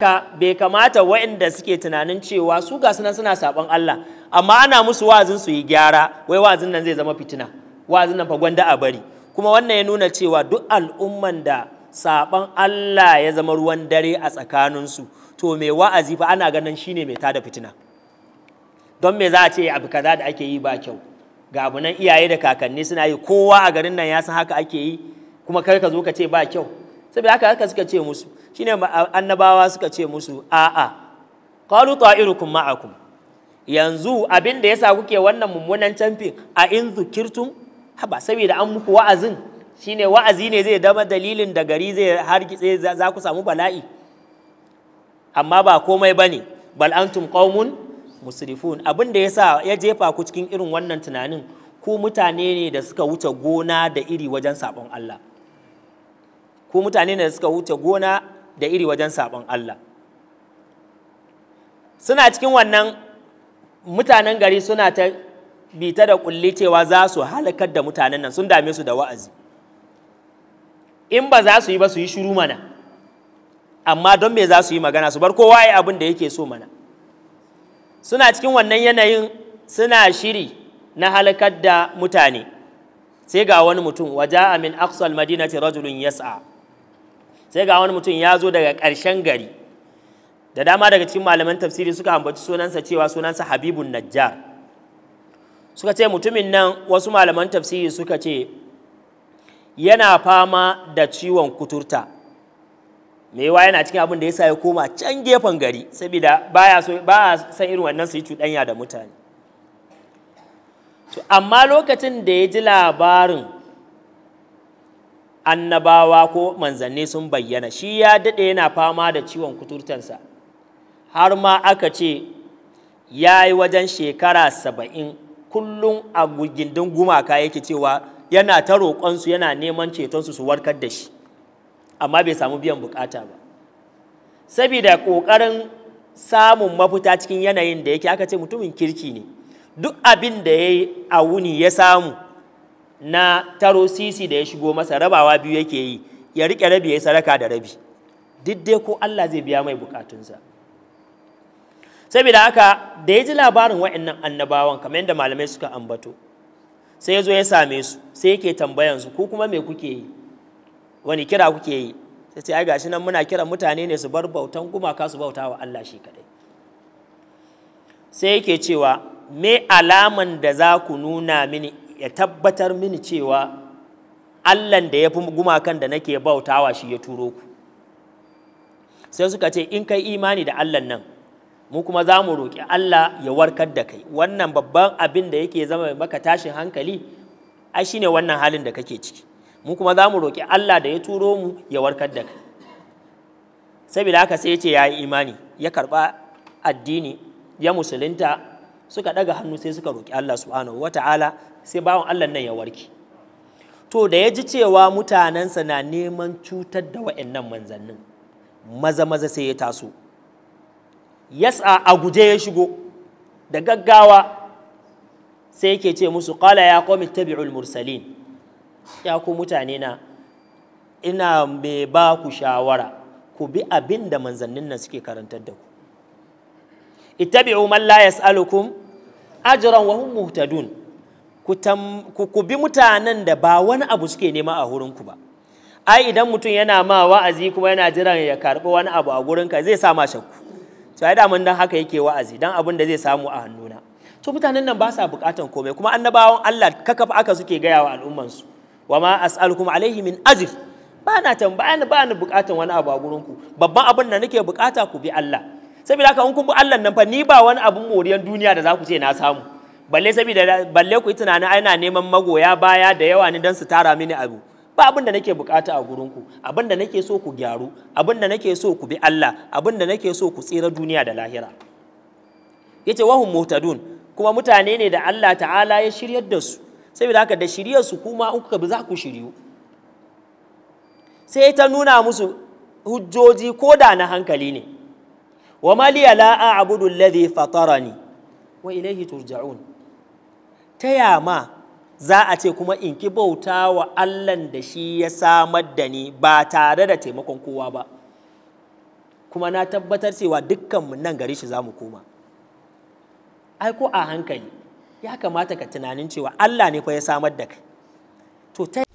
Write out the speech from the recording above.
ka bai kamata waɗanda suke tunanin cewa su ga suna suna saɓon Allah amma ana musu wa'azin su yi gyara wai wazin nan zai zama fitina wa'azin nan fa gwanda a bari kuma wannan ya nuna cewa duk al'umman da saɓon Allah ya zama ruwan dare a tsakaninsu to mai wa'azi fa ana ganin shine mai tada fitina don me za a ce abu kaza da ake yi ba kyau ga abu nan iyaye da kakanni suna yi kowa a garin nan ya san haka ake yi kuma kai ka zo ka ce ba kyau saboda haka haka suka ce musu shine annabawa suka ce musu a'a qalu ta'irukum ma'akum yanzu abin da yasa kuke wannan mummunan canfi a in zukirtum haba saboda an muku wa'azin shine wa'azi ne zai dama dalilin da gari zai hargitse za ku samu bala'i amma ba komai bane bal antum qaumun musrifun abin da yasa ya jefa ku cikin irin wannan tunanin ku mutane ne da suka wuce gona da iri wajen sabon Allah ku mutane ne da suka wuce gona da iri wajen sabon Allah suna cikin wannan mutanen gari suna ta bita da kulli cewa za su halakar da mutanen nan sun dame su da wa'azi in ba za su yi ba su yi shiru mana amma don me za su yi magana su bar kowa ya abin da yake so mana suna cikin wannan yanayin suna shiri na halakar da mutane sai ga wani mutum waja min aqsal madinati rajulun yas'a sai ga wani mutum ya zo daga ƙarshen gari da dama daga cikin malaman tafsiri suka ambaci sunansa cewa sunansa habibun najjar suka ce mutumin nan wasu malaman tafsiri suka ce yana fama da ciwon kuturta mewa yana cikin abin da ya sa ya koma can gefen gari saboda ba so ba san irin wannan su yi cuɗanya da mutane to amma lokacin da ya ji labarin annabawa ko manzanni sun bayyana shi ya daɗe yana fama da ciwon kuturtansa har ma aka ce ya yi wajen shekara saba'in kullum a gindin gumaka yake cewa yana ta roƙonsu yana neman cetonsu su warkar da shi amma bai samu biyan bukata ba saboda ƙoƙarin samun mafita cikin yanayin da yake aka ce mutumin kirki ne duk abin da ya yi a wuni ya samu na taro sisi da ya shigo masa rabawa biyu yake yi ya rike rabi ya yi sadaka da rabi duk dai ko Allah zai biya mai bukatunsa saboda haka da ya ji labarin wa'annan annabawan kamar yadda malamai suka ambato sai ya zo ya same su sai yake tambayan su ko kuma me kuke yi wani kira kuke yi sai ce ai gashi nan muna kiran mutane ne su bar bautan gumaka su bauta wa Allah shi kadai sai yake cewa me alaman da za ku nuna mini ya tabbatar mini cewa Allahn da ya fi gumakan da nake bautawa shi ya turo ku sai suka ce in kai imani da Allah nan mu kuma za mu roƙi Allah ya warkar da kai wannan babban abin da yake zama maka tashin hankali ai shine wannan halin da kake ciki mu kuma za mu roƙi Allah da ya turo mu ya warkar da kai saboda haka sai ya ce ya yi imani ya karba addini ya musulunta suka ɗaga hannu sai suka roƙi Allah subhanahu wata'ala sai bawan Allah nan ya warke to da ya ji cewa mutanensa na neman cutar da wa'annan manzannin maza maza sai ya taso yasa a guje ya shigo da gaggawa sai yake ce musu ƙala ya komi tabi'ul mursalin ya ku mutane na ina mai ba ku shawara ku bi abin da manzannin nan suke karantar da ku ittabi'u man la yas'alukum ajran wa hum muhtadun ku bi mutanen da ba wani abu suke nema a hurinku ba ai idan mutum yana ma wa'azi kuma yana jiran ya karɓi wani abu a gurinka zai sa ma shakku to ai mun dan haka yake wa'azi dan abin da zai samu a hannuna to mutanen nan ba sa buƙatan komai kuma annabawan Allah kakaf aka suke gaya wa al'umman su wa ma as'alukum alaihi min ajr ba na tambaya ba ni buƙatan wani abu a gurinku babban abin da nake buƙata ku bi Allah saboda haka in kun bi Allah nan fa ni ba wani abun moriyan duniya da za ku ce na samu balle saboda balle ku yi tunanin ana neman magoya baya da yawa ne don su tara mini abu ba abin da nake bukata a gurinku abin da nake so ku gyaru abin da nake so ku bi Allah abin da nake so ku tsira duniya da lahira yace wahum muhtadun kuma mutane ne da Allah ta'ala ya shiryar da su saboda haka da shiryar su kuma in kuka bi za ku shiryu sai ta nuna musu hujjoji ko da na hankali ne wa maliya la a'budu alladhi fatarani wa ilayhi turja'un ta ma za a ce kuma in ki bauta wa Allahn da shi ya samar da ni ba tare da taimakon kowa ba kuma na tabbatar cewa dukkanmu nan gari shi za mu koma ai ko a hankali ya kamata ka tunanin cewa Allah ne fa ya samar da kai to